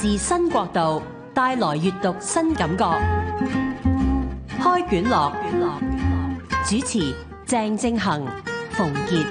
自新角度帶來閱讀新感覺。開卷樂主持鄭政恆、馮傑。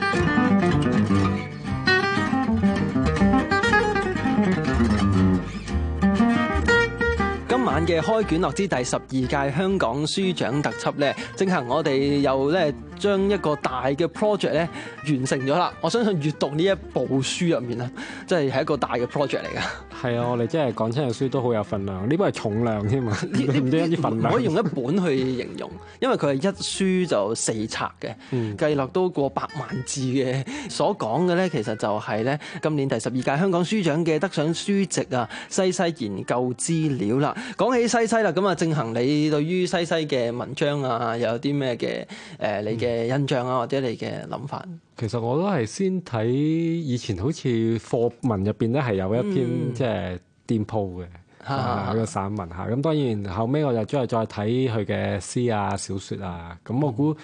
今晚嘅開卷樂之第十二屆香港書獎特輯呢，正恆我哋又咧，將一個大嘅 project 咧完成咗啦！我相信閱讀呢一部書入面咧，即係係一個大嘅 project 嚟㗎。係啊，我哋真係講親嘅書都好有份量，呢本係重量添啊！唔知啲份量唔 可以用一本去形容，因為佢係一書就四冊嘅，嗯、計落都過百萬字嘅。所講嘅咧，其實就係咧，今年第十二屆香港書獎嘅得獎書籍啊，《西西研究資料》啦。講起西西啦，咁啊，正行你對於西西嘅文章啊，又有啲咩嘅誒？你嘅嘅印象啊，或者你嘅諗法？其實我都係先睇以前好似課文入邊咧，係有一篇即係店鋪嘅一個散文嚇。咁當然後尾，我就之後再睇佢嘅詩啊、小說啊。咁我估、嗯。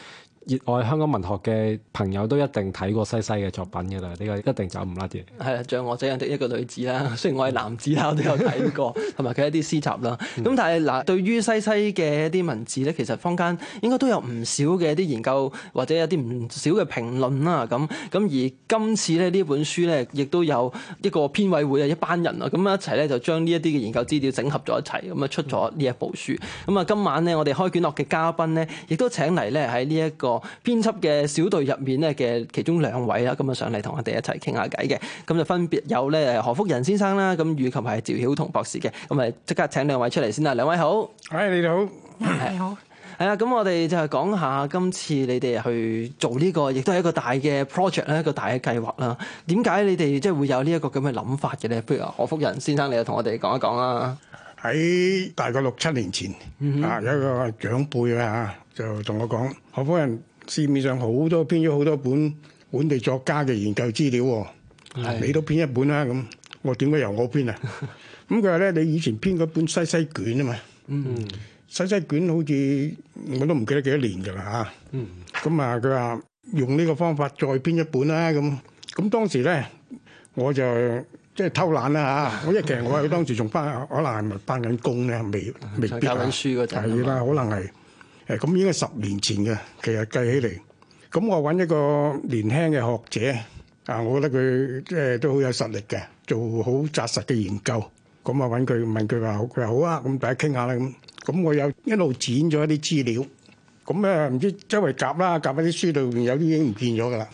熱愛香港文學嘅朋友都一定睇過西西嘅作品㗎啦，呢、這個一定走唔甩嘅。係啊，像我這樣的一個女子啦，雖然我係男子啦，我都有睇過，同埋佢一啲詩集啦。咁、嗯、但係嗱，對於西西嘅一啲文字咧，其實坊間應該都有唔少嘅一啲研究，或者有啲唔少嘅評論啦。咁咁而今次咧呢本書咧，亦都有一個編委會啊，一班人啊，咁啊一齊咧就將呢一啲嘅研究資料整合咗一齊，咁啊出咗呢一部書。咁啊、嗯、今晚咧，我哋開卷樂嘅嘉賓咧，亦都請嚟咧喺呢一個。編輯嘅小隊入面咧嘅其中兩位啦，咁啊上嚟同我哋一齊傾下偈嘅，咁就分別有咧何福仁先生啦，咁以及係趙曉彤博士嘅，咁啊即刻請兩位出嚟先啦，兩位好，唉，你好，你好， 係啊，咁我哋就係講下今次你哋去做呢個，亦都係一個大嘅 project 啦，一個大嘅計劃啦，點解你哋即係會有呢一個咁嘅諗法嘅咧？不如啊何福仁先生，你又同我哋講一講啦。喺大概六七年前啊，嗯、哼有一個長輩啊，就同我講，何福仁市面上好多編咗好多本本地作家嘅研究資料，的你都編一本啦咁。我點解由我編啊？咁佢話咧，你以前編嗰本西西卷啊嘛，嗯、哼西西卷好似我都唔記得幾多年㗎啦嚇。咁啊、嗯哼，佢話用呢個方法再編一本啦咁。咁當時咧，我就。即係偷懶啦、啊、嚇！我因為其實我喺當時仲翻， 可能係咪翻緊工咧？未未必。睇緊書嗰陣。係啦，可能係誒咁，應該十年前嘅。其實計起嚟，咁我揾一個年輕嘅學者啊，我覺得佢即係都好有實力嘅，做好紮實嘅研究。咁啊揾佢，問佢話，佢話好啊，咁大家傾下啦咁。咁我有一路剪咗一啲資料。咁誒唔知周圍夾啦，夾喺啲書度有啲已經唔見咗㗎啦。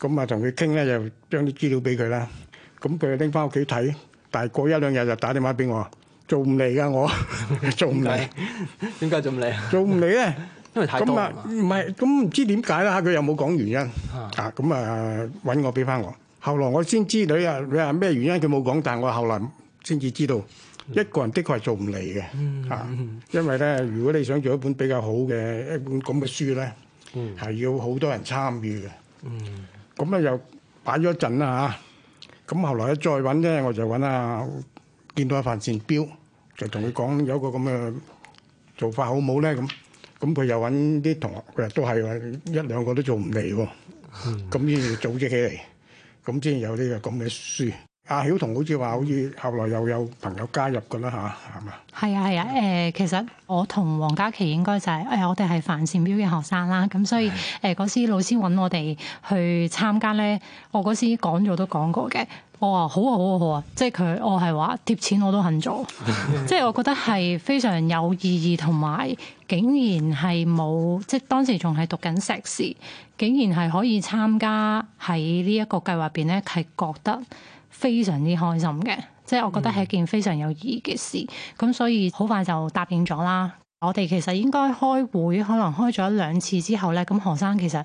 咁啊同佢傾咧，就將啲資料俾佢啦。咁佢拎翻屋企睇，但係過一兩日就打電話俾我，做唔嚟噶，我做唔嚟。點解做唔嚟啊？做唔嚟咧，咁啊唔係，咁唔知點解啦吓，佢又冇講原因啊。咁啊揾我俾翻我，後來我先知道啊，你話咩原因佢冇講，但係我後來先至知道，一個人的確係做唔嚟嘅啊。因為咧，如果你想做一本比較好嘅一本咁嘅書咧，係要好多人參與嘅。咁咧又擺咗一陣啦吓。咁後來咧再揾咧，我就揾啊，見到阿、啊、范善彪，就同佢講有個咁嘅做法好唔好咧？咁咁佢又揾啲同學，佢都係一兩個都做唔嚟喎。咁於是組織起嚟，咁先有呢、這個咁嘅書。阿曉、啊、彤好似話，好似後來又有朋友加入噶啦吓，係嘛？係啊係啊，誒、啊呃，其實我同黃嘉琪應該就係、是、誒、哎，我哋係范善標嘅學生啦。咁所以誒，嗰、啊呃、時老師搵我哋去參加咧，我嗰時講咗都講過嘅。我話好啊、好啊、好啊，即係佢，我係話貼錢我都肯做， 即係我覺得係非常有意義，同埋竟然係冇即係當時仲係讀緊碩士，竟然係可以參加喺呢一個計劃邊咧，係覺得。非常之開心嘅，即係我覺得係一件非常有意義嘅事，咁、嗯、所以好快就答應咗啦。我哋其實應該開會，可能開咗兩次之後咧，咁何生其實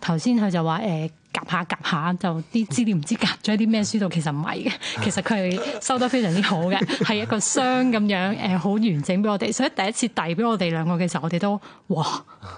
頭先佢就話誒。呃夾下夾下就啲資料唔知夾咗啲咩書度，其實唔係嘅，其實佢收得非常之好嘅，係 一個箱咁樣誒，好、呃、完整俾我哋。所以第一次遞俾我哋兩個嘅時候，我哋都哇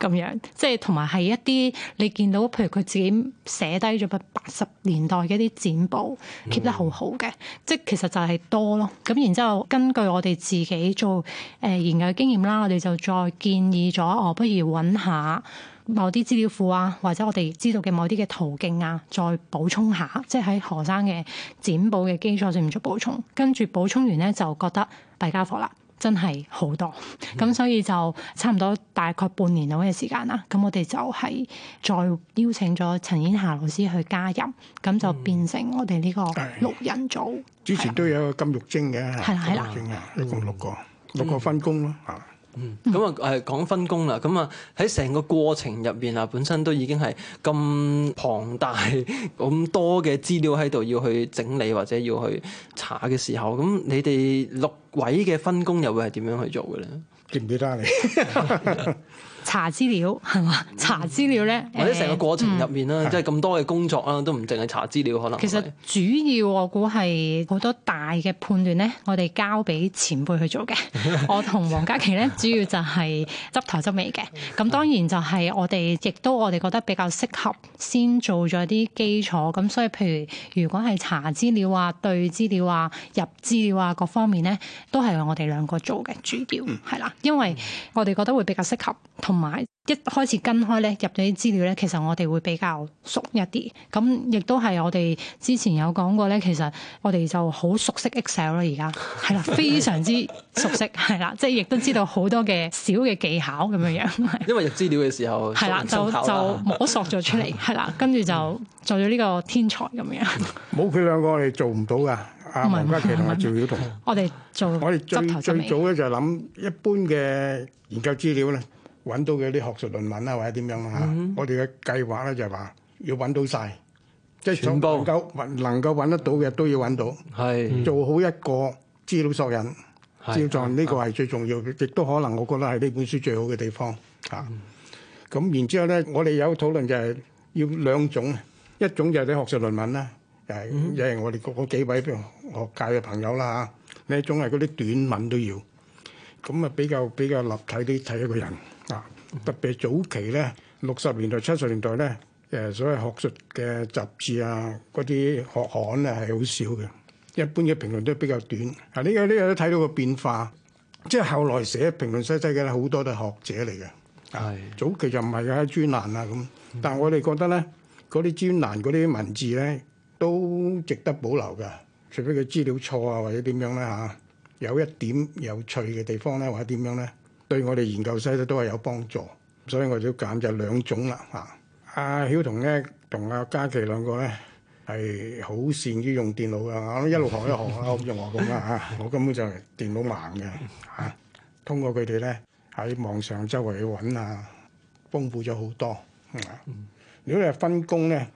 咁樣，即係同埋係一啲你見到，譬如佢自己寫低咗八十年代嘅一啲剪報，keep 得好好嘅， 即係其實就係多咯。咁然之後，根據我哋自己做誒、呃、研究經驗啦，我哋就再建議咗，我不如揾下。某啲資料庫啊，或者我哋知道嘅某啲嘅途徑啊，再補充下，即係喺何生嘅展報嘅基礎上面做補充，跟住補充完咧就覺得大家伙啦，真係好多，咁、嗯、所以就差唔多大概半年到嘅時間啦，咁我哋就係再邀請咗陳燕霞老師去加入，咁就變成我哋呢個六人組。之前都有個金玉精嘅，係啦係啦，一共六個，六個分工咯嚇。嗯嗯，咁啊、嗯，係講、嗯、分工啦。咁啊，喺成個過程入邊啊，本身都已經係咁龐大咁多嘅資料喺度要去整理或者要去查嘅時候，咁你哋六位嘅分工又會係點樣去做嘅咧？記唔記得你？ 查資料係嘛？ 查資料咧，或者成個過程入面啦，嗯、即係咁多嘅工作啊，都唔淨係查資料可能。其實主要我估係好多大嘅判斷咧，我哋交俾前輩去做嘅。 我同黃嘉琪咧，主要就係執頭執尾嘅。咁 當然就係我哋亦都我哋覺得比較適合先做咗啲基礎，咁所以譬如如果係查資料啊、對資料啊、入資料啊各方面咧，都係我哋兩個做嘅主要係啦。因為我哋覺得會比較適合。同埋一開始跟開咧，入咗啲資料咧，其實我哋會比較熟一啲。咁亦都係我哋之前有講過咧，其實我哋就好熟悉 Excel 咯。而家係啦，非常之熟悉，係啦，即係亦都知道好多嘅小嘅技巧咁樣樣。因為入資料嘅時候，係啦，就就摸索咗出嚟，係啦，跟住就做咗呢個天才咁樣。冇佢兩個，我哋做唔到噶。阿文嘉琪同阿趙曉彤，我哋做尾頭尾尾。我哋最尾頭尾尾最早咧就諗一般嘅研究資料咧，揾到嘅啲學術論文啦，或者點樣啦、mm hmm. 我哋嘅計劃咧就係話要揾到晒，即係全部揾能夠揾得到嘅都要揾到，係是做好一個資料索引是資料藏。呢是個係最重要，亦都可能我覺得係呢本書最好嘅地方嚇。咁、mm hmm. 啊、然之後咧，我哋有討論就係要兩種，一種就係啲學術論文啦，誒、mm，即、hmm. 係我哋嗰幾位學界嘅朋友啦嚇。另、啊、一種係嗰啲短文都要，咁啊比較比較立體啲睇一個人。特別早期咧，六十年代、七十年代咧，誒所謂學術嘅雜誌啊，嗰啲學刊咧係好少嘅，一般嘅評論都比較短。嗱、啊、呢、呢個呢、呢個都睇到個變化，即係後來寫評論西西嘅咧，好多都係學者嚟嘅。係、啊、的早期就唔係嘅專欄啊咁，但係我哋覺得咧，嗰啲專欄嗰啲文字咧都值得保留嘅，除非佢資料錯啊或者點樣咧嚇、啊，有一點有趣嘅地方咧或者點樣咧。對我哋研究西西咧都係有幫助，所以我哋都揀咗兩種啦嚇。阿、啊、曉彤咧同阿嘉琪兩個咧係好善於用電腦噶，我一路學一路學， 我唔用我咁啦嚇。我根本就係電腦盲嘅嚇。通過佢哋咧喺網上周圍去揾啊，豐富咗好多、啊。如果你係分工咧，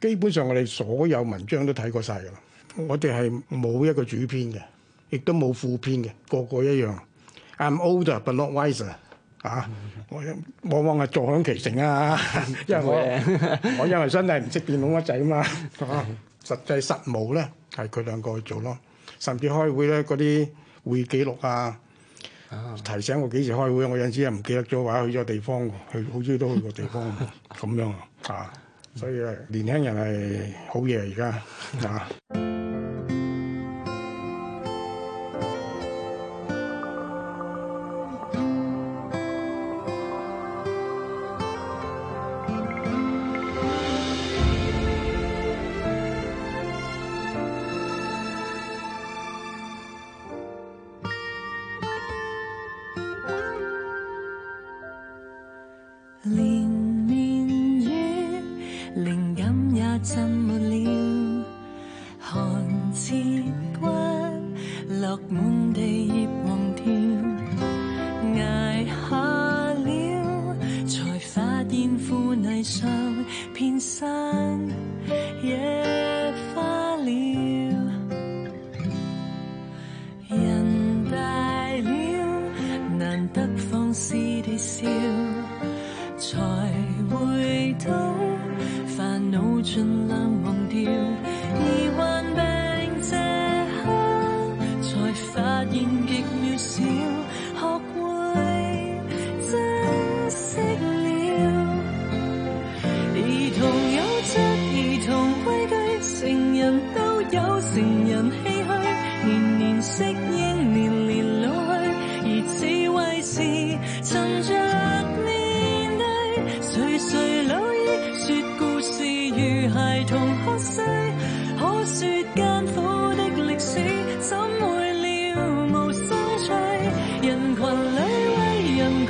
基本上我哋所有文章都睇過晒噶啦。我哋係冇一個主編嘅，亦都冇副編嘅，個個一樣。I'm older but not wiser、mm。Hmm. 啊，我往往係坐享其成啊， 因為我 我因為身體唔識電腦乜仔啊嘛，啊實際實務咧係佢兩個去做咯、啊，甚至開會咧嗰啲會記錄啊，提醒我幾時開會，我有陣時又唔記得咗話去咗地方，去好似都去過地方咁 樣啊，所以咧、啊、年輕人係好嘢而家。 才會懂，煩惱盡量忘掉，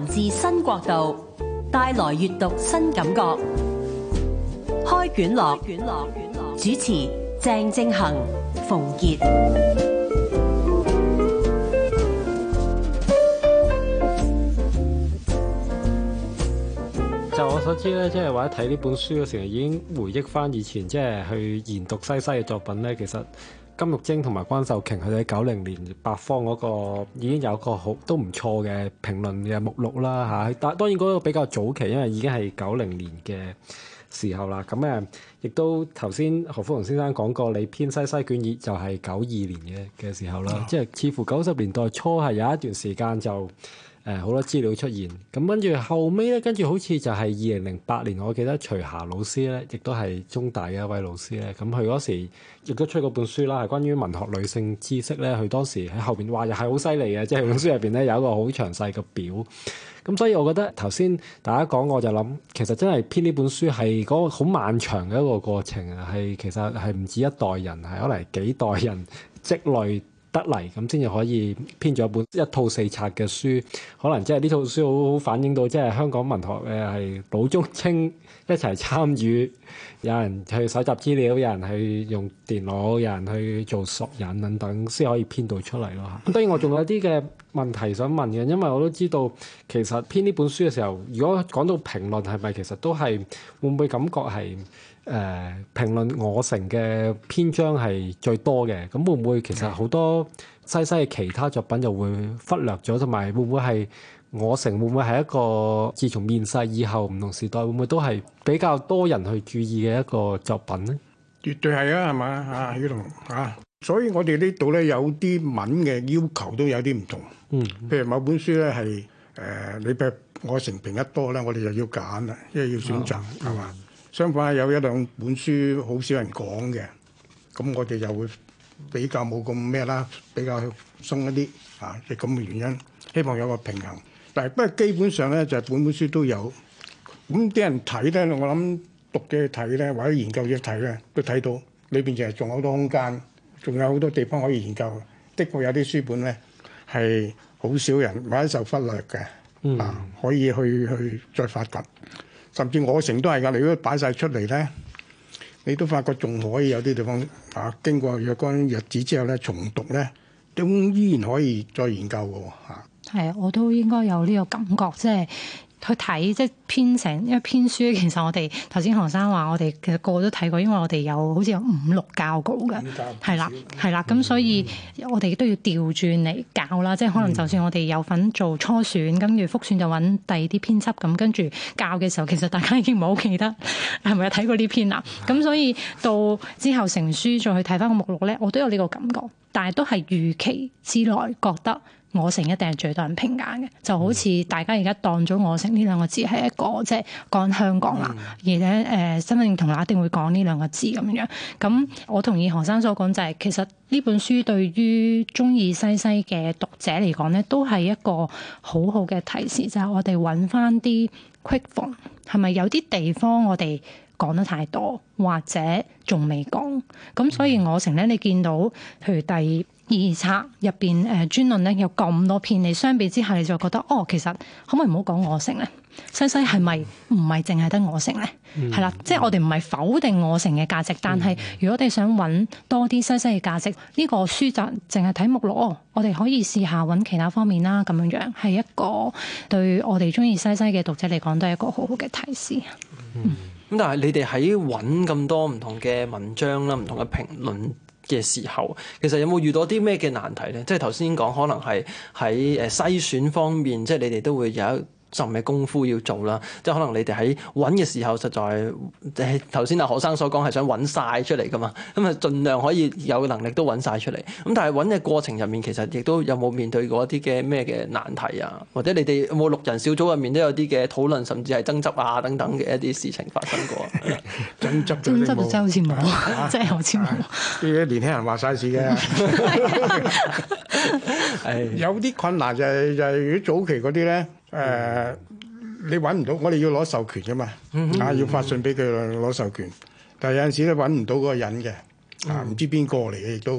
文字新角度，帶來閱讀新感覺。開卷樂，卷樂卷樂主持鄭正恒、馮傑。就我所知咧，即係話睇呢本書嘅時候，已經回憶返以前，即係去研讀西西嘅作品咧，其實。金玉晶同埋關秀瓊佢哋喺九零年八方嗰個已經有一個好都唔錯嘅評論嘅目錄啦嚇，但當然嗰個比較早期，因為已經係九零年嘅時候啦。咁、嗯、誒，亦都頭先何福仁先生講過，你編《西西卷二》就係九二年嘅嘅時候啦，嗯、即係似乎九十年代初係有一段時間就。誒好多資料出現，咁跟住後尾咧，跟住好似就係二零零八年，我記得徐霞老師咧，亦都係中大嘅一位老師咧，咁佢嗰時亦都出過本書啦，係關於文學女性知識咧，佢當時喺後邊話又係好犀利嘅，即係本書入邊咧有一個好詳細嘅表，咁所以我覺得頭先大家講，我就諗其實真係編呢本書係嗰個好漫長嘅一個過程啊，係其實係唔止一代人，係可能幾代人積累。得嚟咁先至可以編咗一本一套四冊嘅書，可能即係呢套書好好反映到即係香港文學嘅係老中青一齊參與，有人去搜集資料，有人去用電腦，有人去做索引等等，先可以編到出嚟咯。咁當然我仲有啲嘅問題想問嘅，因為我都知道其實編呢本書嘅時候，如果講到評論係咪其實都係會唔會感覺係？誒，評論我城嘅篇章係最多嘅，咁會唔會其實好多西西嘅其他作品就會忽略咗？同埋會唔會係我城會唔會係一個自從面世以後唔同時代會唔會都係比較多人去注意嘅一個作品咧？絕對係啊，係嘛啊，曉彤啊！所以我哋呢度咧有啲文嘅要求都有啲唔同，嗯，譬如某本書咧係誒，你譬如我城評得多咧，我哋就要揀啦，因為要選擇係嘛。啊相反有一兩本書好少人講嘅，咁我哋就會比較冇咁咩啦，比較鬆一啲啊，即咁嘅原因。希望有個平衡，但係不過基本上咧，就係本本書都有。咁啲人睇咧，我諗讀者睇咧，或者研究者睇咧，都睇到裏邊仲係仲有好多空間，仲有好多地方可以研究。的確有啲書本咧係好少人或者受忽略嘅，啊，可以去去再發掘。甚至我城都係㗎，你都擺曬出嚟咧，你都發覺仲可以有啲地方啊！經過若干日子之後咧，重讀咧，都依然可以再研究嘅嚇。係啊，我都應該有呢個感覺，即係。去睇即係編成，因為編書其實我哋頭先何生話，我哋其實個個都睇過，因為我哋有好似有五六教稿嘅，係啦，係 啦樂，咁 所以我哋都要調轉嚟教啦，即係可能就算我哋有份做初選，跟住複選就揾第二啲編輯咁，跟住教嘅時候，其實大家已經唔係好記得係咪有睇過呢篇啦。咁 所以到之後成書再去睇翻個目錄咧，我都有呢個感覺，但係都係預期之內覺得。我城一定係最多人評價嘅，就好似大家而家當咗「我城」呢兩個字係一個即係講香港啦，而且誒身份認同一定會講呢兩個字咁樣。咁我同意何生所講就係，其實呢本書對於鍾意西西嘅讀者嚟講咧，都係一個好好嘅提示，就係、是、我哋揾翻啲 quick 規防，係咪有啲地方我哋講得太多，或者仲未講，咁所以我城咧，你見到譬如第二冊入邊誒專論咧有咁多篇，你相比之下，你就覺得哦，其實可唔可以唔好講我城咧？西西係咪唔係淨係得我城咧？係啦、嗯，即係、即係、我哋唔係否定我城嘅價值，但係如果你想揾多啲西西嘅價值，呢、呢個書集淨係睇目錄、哦、我哋可以試下揾其他方面啦，咁樣樣係一個對我哋中意西西嘅讀者嚟講，都係一個好好嘅提示。嗯咁但係你哋喺揾咁多唔同嘅文章啦、唔同嘅評論嘅時候，其實有冇遇到啲咩嘅難題咧？即係頭先講，可能係喺誒篩選方面，即係你哋都會有一實唔係功夫要做啦，即係可能你哋喺揾嘅時候，實在誒頭先阿何生所講，係想揾晒出嚟噶嘛，咁啊盡量可以有能力都揾晒出嚟。咁但係揾嘅過程入面，其實亦都有冇面對過一啲嘅咩嘅難題啊，或者你哋有冇六人小組入面都有啲嘅討論，甚至係爭執啊等等嘅一啲事情發生過？ 爭執爭執嘅真好似冇，真係好似冇。啲、 啊啊、年輕人話晒事嘅，有啲困難就係、就係、如果早期嗰啲咧。誒、呃，你揾唔到，我哋要攞授權噶嘛？ 啊，要發信俾佢攞授權，但係有陣時咧揾唔到嗰個人嘅，啊，唔知邊個嚟嘅亦都，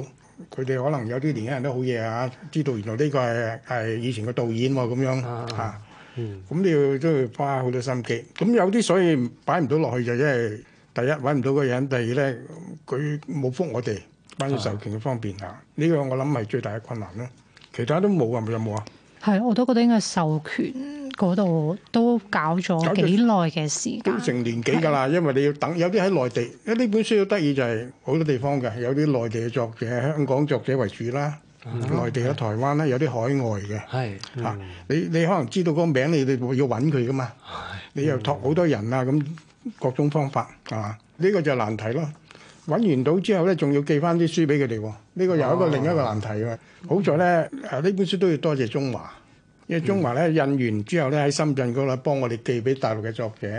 佢哋可能有啲年輕人都好嘢啊，知道原來呢個係係以前個導演喎咁樣嚇，咁你要都要花好多心機，咁有啲所以擺唔到落去就因為第一揾唔到嗰個人，第二咧佢冇覆我哋關於授權嘅方面啊，呢的個我諗係最大嘅困難啦，其他都冇啊？有冇啊？係，我都覺得應該授權嗰度都搞咗幾耐嘅時間，都成年幾㗎啦。是因為你要等，有啲喺內地。誒，呢本書要得意，就係好多地方嘅，有啲內地嘅作者，香港作者為主啦，內、嗯、地啊、台灣啦，有啲海外嘅。係嚇是，是你你可能知道嗰個名，你哋會要揾佢㗎嘛？是你又託好多人啊，咁各種方法啊，呢、這個就難題咯。揾完到之後咧，仲要寄翻啲書俾佢哋，呢、這個又係一個、啊、另一個難題喎。啊、好在咧，誒呢、嗯啊、本書都要多謝，謝中華，因為中華咧印完之後咧喺深圳嗰度幫我哋寄俾大陸嘅作者，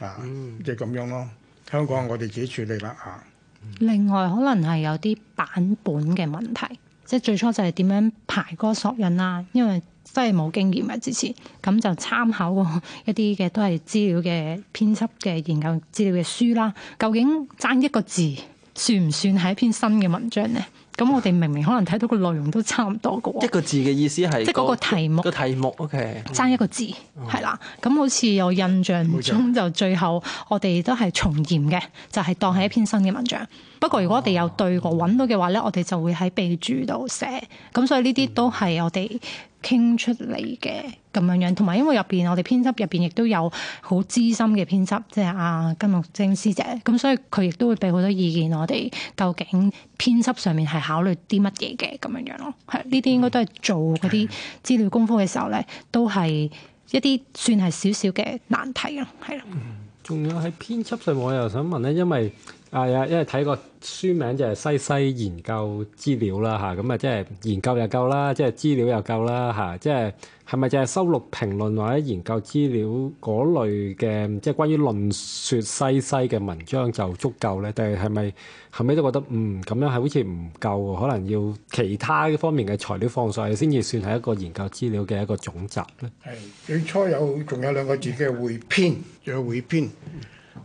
啊，即係咁樣咯。香港我哋自己處理啦。嚇、嗯，另外可能係有啲版本嘅問題，即係最初就係點樣排歌索引啊，因為。都係冇經驗啊！之前咁就參考過一啲嘅都係資料嘅編輯嘅研究資料嘅書啦。究竟爭一個字算唔算係一篇新嘅文章咧？咁我哋明明可能睇到個內容都差唔多嘅喎。一個字嘅意思係即係嗰個題目，個題目，O K 爭一個字係啦。咁、嗯、好似有印象中、冇錯、就最後我哋都係重現嘅，就係、是、當係一篇新嘅文章。不過如果我哋有對過揾到嘅話咧，哦、我哋就會喺備註度寫。咁所以呢啲都係我哋。傾出嚟嘅咁樣樣，同埋因為入邊我哋編輯入邊亦都有好資深嘅編輯，即係阿金玉晶師姐，咁所以佢亦都會俾好多意見我哋，究竟編輯上面係考慮啲乜嘢嘅咁樣樣咯？係呢啲應該都係做嗰啲資料功夫嘅時候咧，都係一啲算係少少嘅難題啊，係咯。嗯，仲有喺編輯上，我又想問咧，因為。係啊，因為睇個書名就係西西研究資料啦，嚇。咁啊、嗯、即係研究又夠啦，即係資料又夠啦，嚇，即係係咪就係收錄評論或者研究資料嗰類嘅，即係關於論説西西嘅文章就足夠咧？定係係咪後尾都覺得嗯咁樣係好似唔夠喎，可能要其他方面嘅材料放上去先至算係一個研究資料嘅一個總集咧？係最初有仲有兩個字嘅匯編，叫匯編。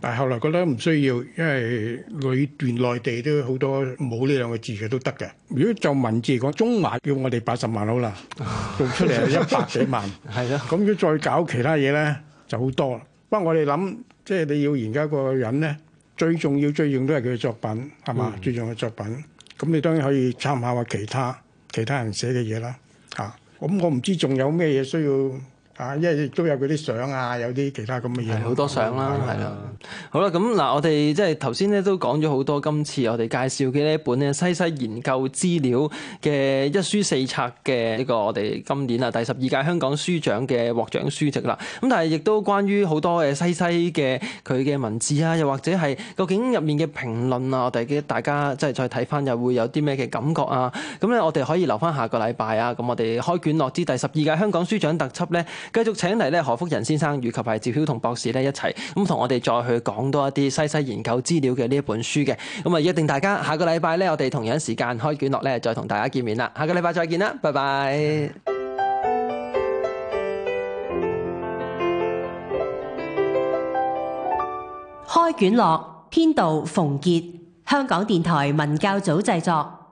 但係後來覺得唔需要，因為呢段內地都好多冇呢兩個字嘅都得嘅。如果就文字嚟講，中華叫我哋八十萬好啦， 做出嚟一百幾萬係咯。咁 的如果再搞其他嘢咧就好多。不過我哋諗，即、就、係、是、你要研究一個人咧最重要、最重都係佢嘅作品係嘛？最重要嘅作品，咁、嗯、你當然可以參考下其他其他人寫嘅嘢啦。嚇、啊，咁我唔知仲有咩嘢需要。啊，因為都有嗰啲相啊，有啲其他咁嘅嘢，好多相啦，係啦、嗯。的好啦，咁嗱，我哋即係頭先咧都講咗好多。今次我哋介紹嘅呢一本咧西西研究資料嘅一書四冊嘅呢個我哋今年啊第十二屆香港書獎嘅獲獎書籍啦。咁但係亦都關於好多嘅西西嘅佢嘅文字啊，又或者係究竟入面嘅評論啊，我哋嘅大家即係再睇翻又會有啲咩嘅感覺啊？咁咧我哋可以留翻下個禮拜啊。咁我哋開卷樂之第十二屆香港書獎特輯咧。繼續請嚟咧何福仁先生，以及係趙曉彤博士咧一齊咁同我哋再去講多一啲西西研究資料嘅呢一本書嘅，咁啊，約定大家下個禮拜咧，我哋同樣時間開卷落咧，再同大家見面啦。下個禮拜再見啦，拜拜。開卷落編導馮傑，香港電台文教組製作。